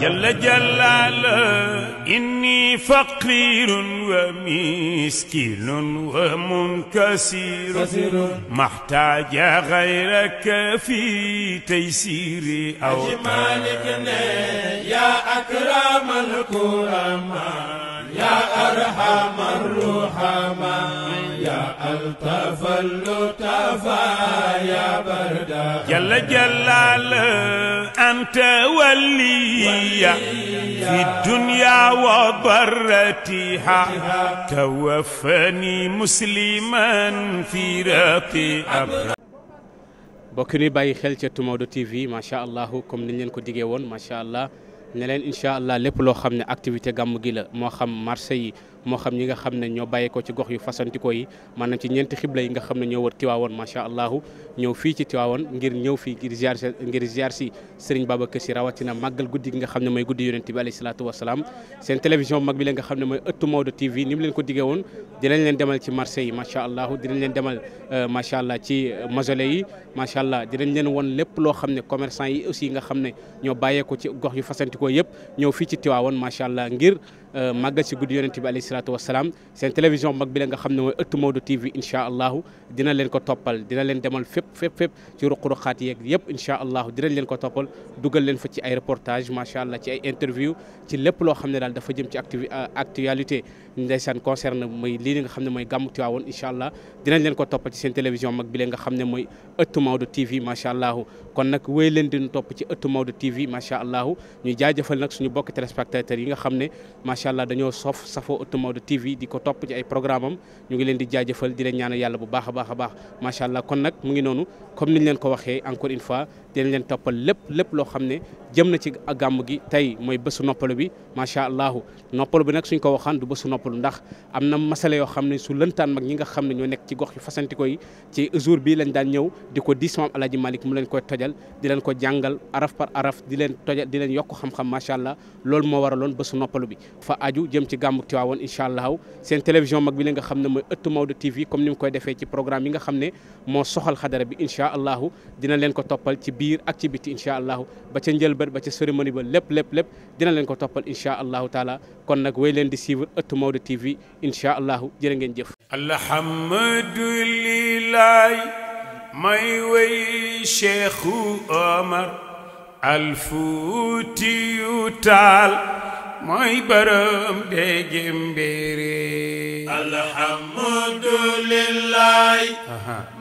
جل جلاله إني فقير ومسكين ومنكسر محتاج غيرك في تيسير أو أجمالك يا أكرم الكرماء يا أرحم الرحمن jalla jalaal anta waliya fi dunya wa baratiha tawaffani musliman fi raqi amra bokk ni bàyyi xel ca Tumawdo TV macha allah comme niñ leen ko diggee woon macha allah ne leen incha allah lépp loo xam ne activité gàmm gi la moo xam marché yi moo xam ñi nga xam ne ñoo bàyyeekoo ci gox yu fasantikoo yi maanaam ci ñeenti xibla yi nga xam ne ñoo wër Tiwaawoon macha allahu ñëw fii ci Tiwaawoon ngir ñëw fii ngir ziar ngir ziar si Serigne Babacar Sy rawatina màggal guddi gi nga xam ne mooy guddi yonent bi alayhi salaatu wasalaam seen télévision mag bi leen nga xam ne mooy ëttu Maodo TV ni mu leen ko woon dinañ leen demal ci marché yi macha allahu dinañ leen demal euh, macha allah ci euh, mausolée yi macha allah dinañ leen won lépp loo xam ne commerçant yi aussi nga xam ne ñoo bàyyeekoo ci gox yu fasantikoo yëpp ñëw fii ci Tiwaawoon macha allah ngir magga ci guddi yonent bi alayhi salatu wassalam sen télévision mag bi la nga xamne moy mooy modou TV insha allah dina len ko topal dina len demal fep fep fep ci ruq khat yek yep insha allah dina len ko topal duggal len fa ci ay reportage ma sha allah ci ay interview ci lépp lo xamne dal dafa jëm ci actualité ndaysan concerne moy li nga xamne moy mooy gàmmu Tiwaawoon insha allah dina len ko topal ci sen télévision mag bi la nga xamne moy mooy modou tv ma sha allah kon nag wéy leen di ñu topp ci ëttu Maodo TV macha allah ñu jaajëfal nag suñu bokk téléspectateurs yi nga xam ne macha allah dañoo sof safoo ëttu TV di ko topp ci ay programme am ñu ngi leen di jaajëfal di leen ñaanal yàlla bu baax a baax a baax macha allah kon nag mu ngi noonu comme niñ leen ko waxee encore une fois dinañ leen toppal lépp lépp loo xam ne jëm na ci gàmm gi tey mooy bésu noppalu bi macha allah noppalu bi nag suñ ko waxaan du bésu noppalu ndax am na masale yoo xam ne su lëntaan mag ñi nga xam ne ñoo nekk ci gox yi ci jour bi lañ daan ñëw di màggal di leen ko jàngal araf par araf di leen toja di leen yokk xam-xam macha allah loolu moo waraloon bésu noppalu bi fa aju jëm ci gàmmu Tiwaawoon incha allah seen télévision mag bi la nga xam ne mooy ëtt Maodo TV comme ni koy defee ci programme yi nga xam ne moo soxal xadara bi incha allah dina leen ko toppal ci biir ak ci biti ba ca njëlbët ba ca cérémonie ba lépp lépp dina leen ko toppal incha allahu taala kon nag wéy leen di suivre ëtt Maodo TV may wey Cheikhu Omar alfuuti yu taal mooy borom dégg mbiri alhamdulillahi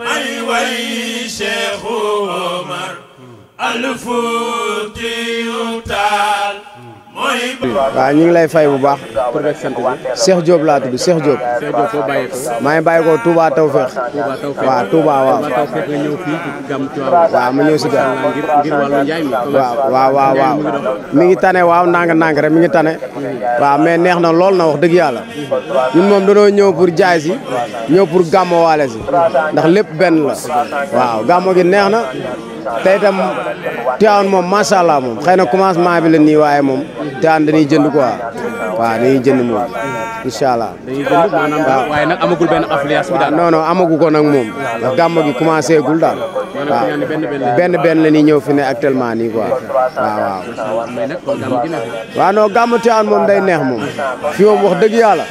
may wey Cheikhu Omar alfuuti yu taal waaw ñu ngi lay fay bu baax. pour rek sant bi. Cheikh Diop laa tudd Cheikh Diop. maa ngi bàyyi ko Touba Tawféex. Touba Tawféex waaw Touba waaw. Touba Tawféex ma ñëw si gàmm. waaw waaw waaw mi ngi tane waaw nang nang rek mi ngi tane. waaw mais neex na lool na wax dëgg yàlla. ñun moom dañoo ñëw pour jaay si. ñëw pour gàmmo waale si. ndax lépp benn la. waaw gàmmo gi neex na. te itam moom macha allah moom xëy na commencement bi la nii waaye moom Tivaouane dañuy jënd quoi waaw dañuy jënd moom incha allah. dañuy jënd maanaam amagul benn affiliation bi amagu ko nag moom. ndax gàmm gi commencé gul daal. waaw benn benn la ñuy ñëw fi ne actuellement nii quoi waaw waaw. waaw non gàmmu day neex moom fi moom wax dëgg yàlla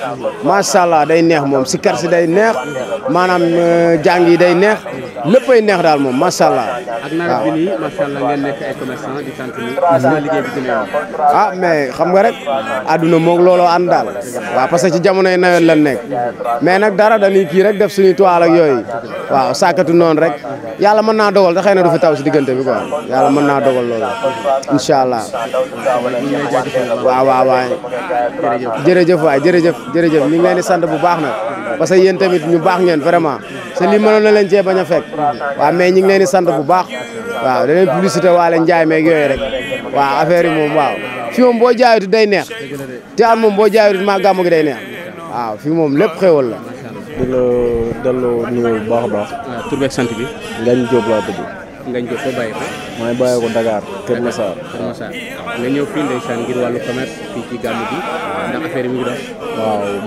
macha allah day neex moom si kër si day neex maanaam euh, jàng yi day neex. léppay neex daal moom macha allah. ak nawet a yomb. Ah, xam nga rek. àdduna moog looloo an daal. waaw parce que ci jamonoy nawet lan nekk. mais nag dara dañuy kii rek def suñu toile ak yooyu. waaw sàkkatu noonu rek. yàlla mën naa dogal te xëy na du fi taw si diggante bi quoi yàlla mën naa dogal loolu. incha allah. waaw waaw waa jërëjëf waay jërëjëf jërëjëf ñu ngi leen di sant bu baax nag. parce que yéen tamit ñu baax ngeen vraiment sa li mënon na leen ci baña a wa mais ñu ngi leen di sant bu baax wa da leen publicité waale njaay meeg yoy rek wa affaire yi mom waaw fi moom boo jaayutu day neex te an moom boo jaayutu ma gamu gi day neex wa fi mom lepp xewal la di la de nuyoo bu baax a baax tur beeg sant bi Ngagne Diop laa tudd Ngagne Diop baye fa ko baye ko Dakar Kër Massar Kër sa nga fi ndey ndeysaan ngir walu commerce fi ci gamu gi ndax affaire yi mu ngi dox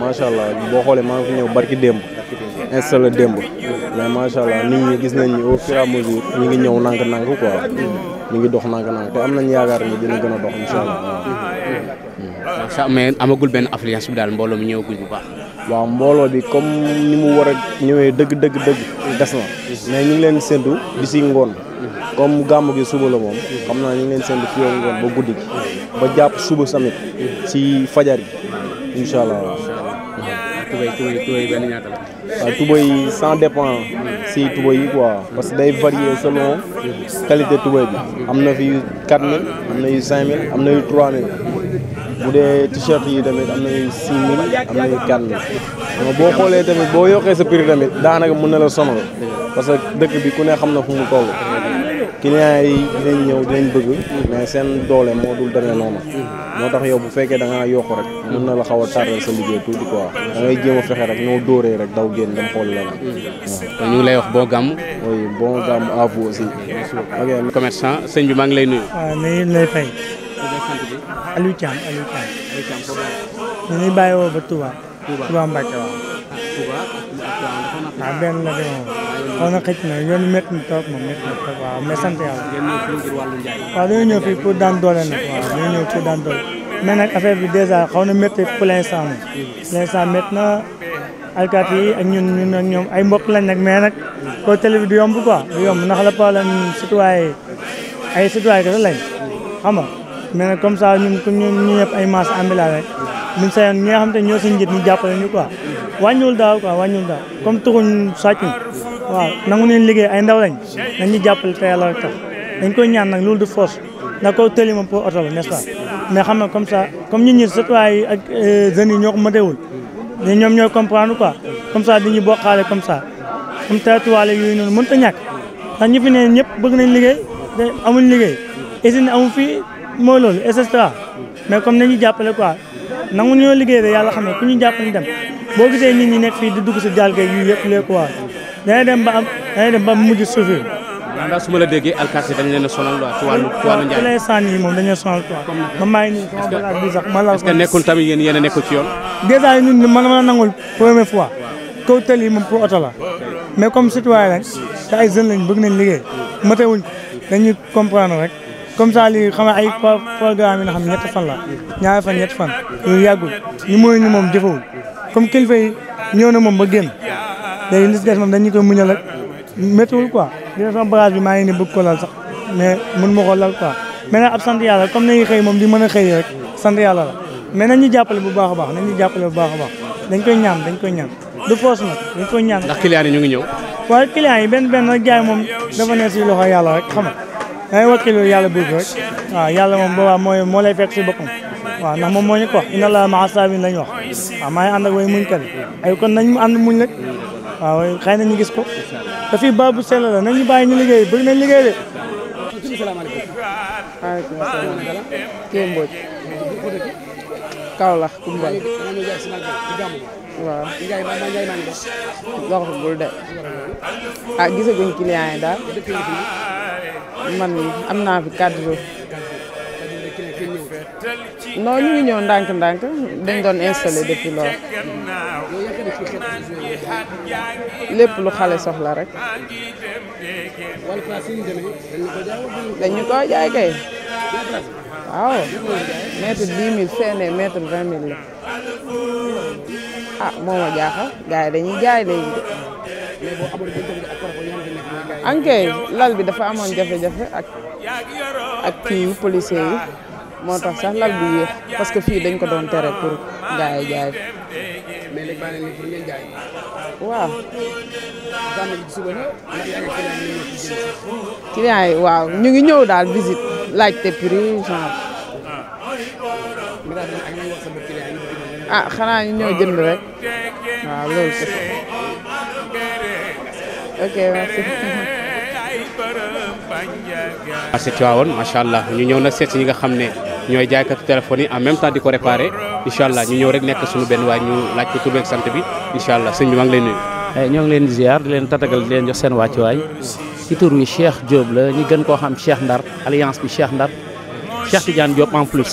waaw sha allah bo xolé ma fi ñew barki demb installé demb mais ma sha allah nit ñi gis nañ ni au fur et à mesure ñi ngi ñew nang nang quoi ñi ngi dox nang nang té am nañ yaakaar ni dina gëna dox incha allah waaw. sax mais amagul ben affiliation bi daal mbooloo mi guñ bu baax. wa mbolo bi comme ni mu wara ñewé deug deug deug dess na mais ñi ngi leen sentu bi si ngoon comme gamu gi suba la mom xamna ñi ngi leen séntu fii ngoon ba guddi ba japp suba samit ci fajar gi incha allah. tubéy tubéy tubéy benn ñaata la. waaw tubéy yi sans si tubéy yi quoi parce que day varier selon qualité tubéy bi. am na fi yu 4000 am na yu 5000 am na yu 3000 bu dee t-shirt yi tamit am na yu 6000 am na yu 4000 boo xoolee tamit boo yokkee sa prix tamit daanaka mun na la sonal parce que dëkk bi ku ne xam na fu mu toll. client yi dinañ ñëw dinañ bëgg mais seen doole moo dul demee noonu moo tax yow bu fekkee da ngaa rek mën na la xaw a sa liggéey tuuti ko da ngay jéem a fexe rek noo dóoree rek daw génn dem xool leneen ñu ngi lay wax bon gàmm oui bon gàmm à vous aussi ok commerçant sëñ bi maa ngi lay nuyu waaw mais yéen lay fay Aliou Thiam Aliou Thiam Aliou Thiam bàyyi woo ba Touba Touba Mbacke waaw. waaw ah, benn la de moom. xaw na xëcc na yoon métti na trop moom métti na trop waaw mais sant yàlla. waaw dañoo ñëw fii pour daan doole nag waaw dañoo ñëw pour daan doole. mais nag affaire bi dèjà xaw na métti pour l'instant moom. l'instant métti na alkaati yi ak ñun ñun ak ñoom ay mbokk lañ nag mais nag. koo télé bi du yomb quoi du yomb ndax la problème citoyen ay citoyen kese lañ. xam nga mais nag comme ça ñun ñun ñëpp ay masse ambulante rek. ñun sa yoon ñi nga xam te ñoo suñ njiit mu jàppale ñu quoi wàññul daal quoi wàññul daal comme tuxuñ sàccuñ waaw nangu neen liggéey ay ndaw lañ nañ ñu jàppale te yàlla rek tax dañ koy ñaan nag loolu du force ndax kaw tëli moom pour oto la n'est-ce pas mais xam nga comme ça comme ñun ñi citoyen yi ak euh, jeunes yi ñoo ko matewul ñoom ñooy comprendre quoi comme ça dañuy bokkaale comme ça comme tratuwaale yooyu noonu mënut a ñàkk ndax ñi fi ne ñëpp bëgg nañ liggéey te amuñ liggéey usine amu fii mooy loolu et cetera mais comme nañu jàppale quoi nangu ñoo liggéey de yàlla xam ne ku ñu jàpp ñu dem boo gisee nit ñi nekk di dugg si gaal gi yu yëpp les quoi dana dem ba am dana dem ba am mujj souffrir. ma la déggee alkaati dañ leen a sonal quoi ci wàllu ci wàllu njaay. lay sànni yi moom dañu leen sonal quoi. man maa nii sama ma la. est-ce que nekkul tamit yéen a nekkul ci yoon. dèjà ñun ma nangul première fois. kaw tali yi ay jeunes bëgg nañ liggéey. matewuñ dañuy comprendre rek comme ça lii xam ay programme yi nga xam ne ñetti fan la ñaari fan ñetti fan yooyu yàggul ñu mooy ni moom jëfewul comme kilifa yi ñëw na moom ba génn léegi li si des moom maa ngi nii bëgg ko lal sax mais mun ma ko lal quoi mais nag ab sant yàlla comme nañu xëy moom di mën a xëy rek sant yàlla la mais nañu jàppale bu baax a baax nañu jàppale bu baax a baax dañ koy ñaan dañ koy ñaan du force nag dañ koy ñaan. ndax client yi ñu ngi ñëw. waaye client yi dafa ne si loxo yàlla rek xam nga da ngay wakkilu yàlla buur rek waaw yàlla moom boobaa mooy moo lay fekk si boppam waaw ndax moom moo ñu ko wax inna laa maa saabiriin lañu wax waaw maa ngi ànd muñ kat ay kon nañ ànd muñ rek waaw xëy na ñu gis ko te fii baabu sell la nañu bàyyi ñu liggéey bëri nañ liggéey de. waaw Ndiaye man man Ndiaye man de. waxagul de ah client yi daal. man am naa fi quatre jours. non ñu ñëw ndànk-ndànk dañ doon installé depuis lool. lépp lu xale soxla rek. dañu ko jaay kay. waaw mètre dix mille fee ne vingt mille la. ah moo ma jaaxal gars yi dañuy jaay léegi de. lal bi dafa amoon jafe-jafe ak ak kii policier yi moo tax sax lal bi yéex parce que fii dañ ko doon tere pour gars yi jaay. waaw. yi waaw ñu ngi ñëw daal visite laajte prix genre. ah xanaa ñu ñëw jënd rek waaw loolu c'est ok merci marché ah, Tivaouane macha allah ñu ñëw nag seet si ñi nga xam ne ñooy jaaykatu téléphone yi en même temps di ko réparer incha allah ñu ñëw rek nekk suñu benn waay ñu laaj ko tur ak sant bi incha allah sëñ bi maa ngi lay nuyu. Eh, ñoo ngi leen di ziar di leen tatagal di leen jox seen wàccuwaay ci tur wi Cheikh Diop la ñu gën koo xam Cheikh Ndar alliance bi Cheikh Ndar Cheikh Tidiane Diop en plus.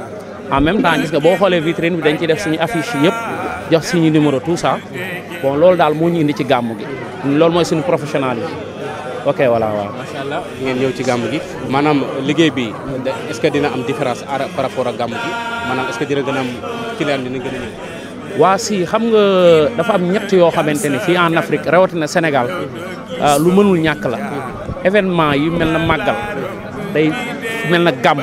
en même temps gis nga boo xoolee vitrine bi dañ ci def suñu affiche yëpp jox suñu numéro tout ça bon loolu daal moo ñu indi ci gàmm gi loolu mooy suñu professionnel yi ok voilà waaw. macha allah ngeen ñëw ci gàmm gi maanaam liggéey bi est que dina am différence par rapport ak gàmm gi maanaam est a am client dina gën waa si xam nga dafa am ñett yoo xamante ne fii en Afrique rawatina Sénégal ah, lu mënul ñàkk la événement yi mel na màggal day mel na gàmm.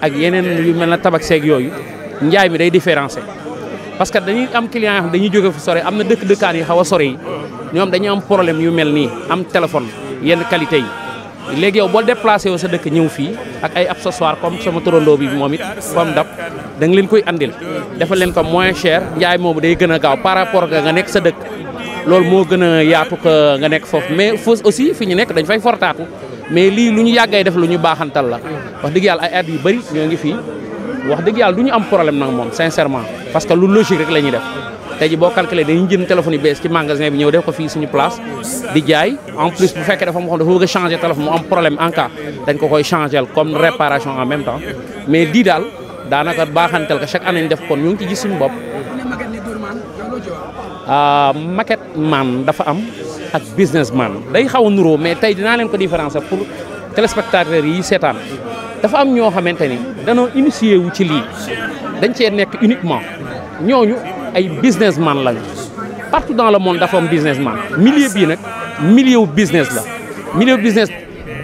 ak yeneen yu mel na tabak seeg yooyu njaay mi day différencé parce que dañuy am client yoo xam dañuy jóge fu sore am na dëkk dëkkaan yi xaw a sore yi ñoom dañuy am problème yu mel nii am téléphone yenn qualité yi léegi yow boo déplacé wu sa dëkk ñëw fii ak ay accessoire comme sama torondoo bi moom it comme dab da nga leen koy andil defal leen ko moins chair njaay moom day gën a gaaw par rapport nga nekk sa dëkk loolu moo gën a yaatu ko nga nekk foofu mais foofu aussi fi ñu nekk dañ fay fortaatu mais li luñu yagay def luñu baxantal la wax deug yalla ay ad yu bari ñoo ngi fi wax deug yalla duñu am problème nak mom sincèrement parce que lu logique rek lañuy def tey ji boo calculé dañuy jënd téléphone yu bëss ci magasin bi ñëw def ko fi suñu place di jaay en plus bu fekké dafa mo xol dafa bëgg changer téléphone mu am problème en cas dañ ko koy changer comme réparation en même temps mais di daal daanaka baxantal ko chaque année ñu def kon ñu ngi ci gis suñu ah maquette man dafa am ak businessman day xaw a nuroo mais tey dinaa leen ko différencier pour téléspectateurs yi seetaan dafa am ñoo xamante ni danoo initié wu ci lii dañ cee nekk uniquement ñooñu ay business man lañu partout dans le monde dafa am businessman milieu bii nag milieu business la milieu business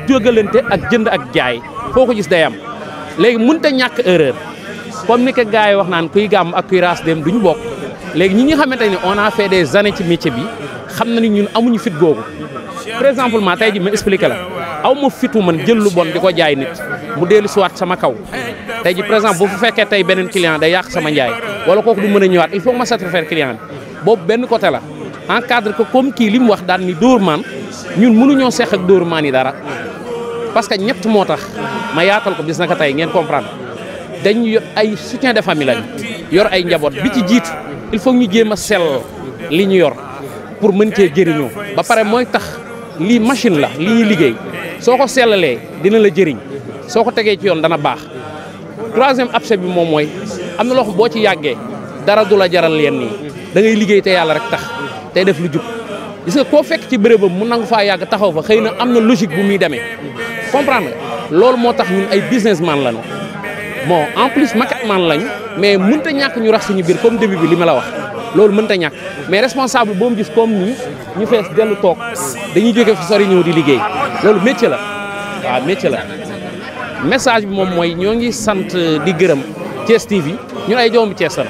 jógalante ak jënd ak jaay foo ko gis day am léegi mun te ñàkk erreur comme ni ko gars wax naan kuy gàmm ak kuy raas dem duñu bokk léegi ñi nga xamante ni on ci métier bi xam na ni ñun amuñu fit googu par exemple ma tey ji ma expliqué la aw ma fitu man jël lu bon di ko jaay nit mu dellu sama kaw tey ji par exemple bu fu fekkee tey beneen client day yàq sama njaay wala kooku du mën a ñëwaat il faut ma satisfaire client bi boobu benn côté la encadre ko comme kii li mu wax daan ni dóor maan ñun mënuñoo seq ak dóor maan dara parce que ñett moo tax ma yaatal ko bis naka tey ngeen comprendre dañu yor ay soutien de famille yor ay njaboot bi ci jiitu il faut ñu jéem a sell li ñu yor pour mën cee jëriñoo ba pare mooy tax lii machine la lii liggéey soo ko sellalee dina la jëriñ soo ko tegee ci yoon dana baax troisième abcès bi moom mooy am na loo boo ci yàggee dara du la jaral yenn yi da ngay liggéey te yàlla rek tax tey def lu jub gis nga koo fekk ci bërëbam mu nangu faa yàgg taxaw fa xëy na am na logique bu muy demee comprendre nga loolu moo tax ñun ay businessman lañu bon en plus man lañ mais mënta ñàkk ñu rax suñu biir comme début bi li ma la wax loolu mënta ñàkk mais responsable boo mu gis comme nii ñu fees dellu toog dañuy jóge fu sori ñëw di liggéey loolu métier la waaw métier la message bi moom mooy ñoo ngi sant di gërëm Thiès TV ñun ay doomu Thiès la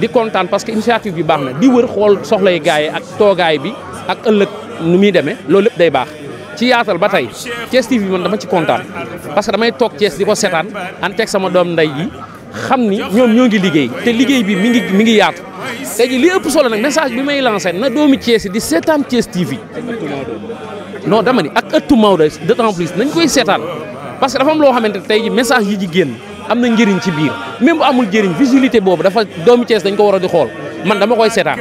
di kontaan parce que initiative bi baax na di wër xool soxlay gaay ak toogaay bi ak ëllëg nu muy demee loolu lépp day baax ci yaatal ba tey Thiès TV moom dama ci kontaan parce que damay toog cees di ko seetaan an teg sama doom ndey yi xam ni ñoom ñoo ngi liggéey te liggéey bi mi ngi mi ngi yaatu tey jii li ëpp solo nag message bi may lancé na doomi Thiès di seetaan Thiès TV non dama ni ak ëttu Maodo d'autant plus nañ koy seetaan parce que dafa am loo xamante tey ji message yi ji génn am na njëriñ ci biir même bu amul njëriñ visibilité boobu dafa doomi Thiès dañ ko war a di xool man dama koy seetaan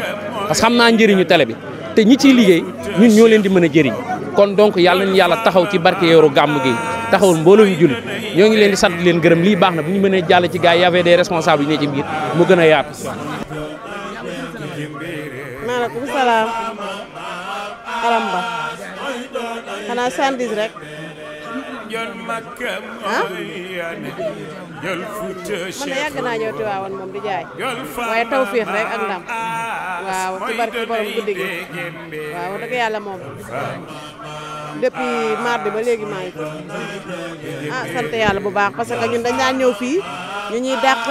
parce que xam naa njëriñu télé bi te ñi ciy liggéey ñun ñoo leen di mën a jëriñ kon donc yàlla nañu yàlla taxaw ci barke yoru gàmm gi taxawul mbooloo yu jullit ñoo ngi leen di sant leen gërëm lii baax na bu ñu mënee jàll ci gars yi y avait des responsables yu ne ci biir mu gën a yaatu waaleykum salaam alamba xanaa sandis rek jol makka moyane jol futa man yàgg naa ñëw Tiwaawan moom di jaay waaye tawfiix rek ak ndam waaw ci barki borom waaw dëgg depuis mardi ba léegi ngi ah sant yàlla bu baax parce que ñun dañ daan ñëw fii ñu ñuy dàq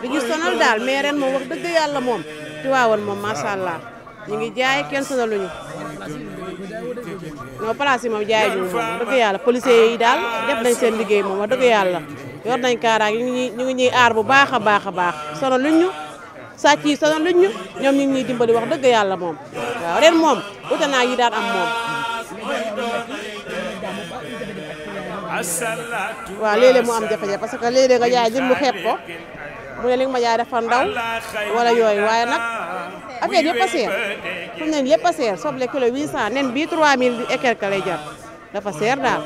di ñu sonal daal mais ren moom wax dëgg allah ñu ngi jaay kenn solo non place yi moom jaay ñu moom dëgg yàlla policier yi daal def nañ seen liggéey moom wax dëgg yàlla yor nañ kaaraange ñu ngi ñuy aar bu baax a baax a baax sonaluñ ñu sàcc yi sonaluñ ñu ñoom ñu ngi ñuy dimbali wax dëgg yàlla moom waaw ren moom ute naa yi daan am moom waaw léeg-léeg mu am jafe-jafe parce que léeg nga jaay nit mu xeeb ko mu ne li ma jaay dafa ndaw wala yooy waaye nag affaire yëpp a seer fu a seer soble kilo 800 nen bii 3000 et quelque lay jar dafa seer daal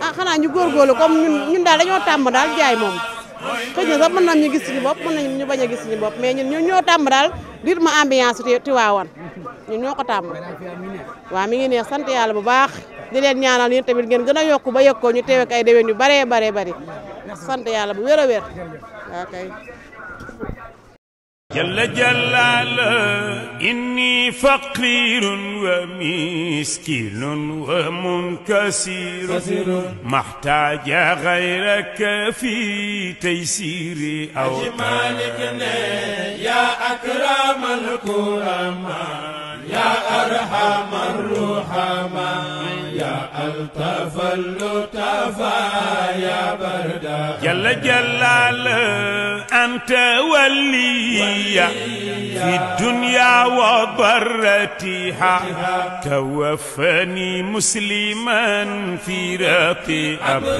ah xanaa ñu góorgóorlu comme ñun ñun daal dañoo tàmm daal jaay moom xëy na sax mën nañ ñu gis suñu bopp mën nañ ñu bañ a gis ñu bopp mais ñun ñun ñoo tàmm daal rythme ambiance Tiwaawan ñun ñoo ko tàmm waaw mi ngi neex sant yàlla bu baax di leen ñaanal yéen tamit ngeen gën a yokk ba yëg ñu teewe ak ay déwén yu baree baree bari sant yàlla bu wér a wér جل جلاله إني فقير ومسكين ومنكسر محتاج غيرك في تيسير أو أجمالك يا أكرم الكرماء يا أرحم الرحمن يا ألطف اللطفاء يا بردا جل جلال أنت ولي في الدنيا وضرتها توفني مسلما في رقي أبرا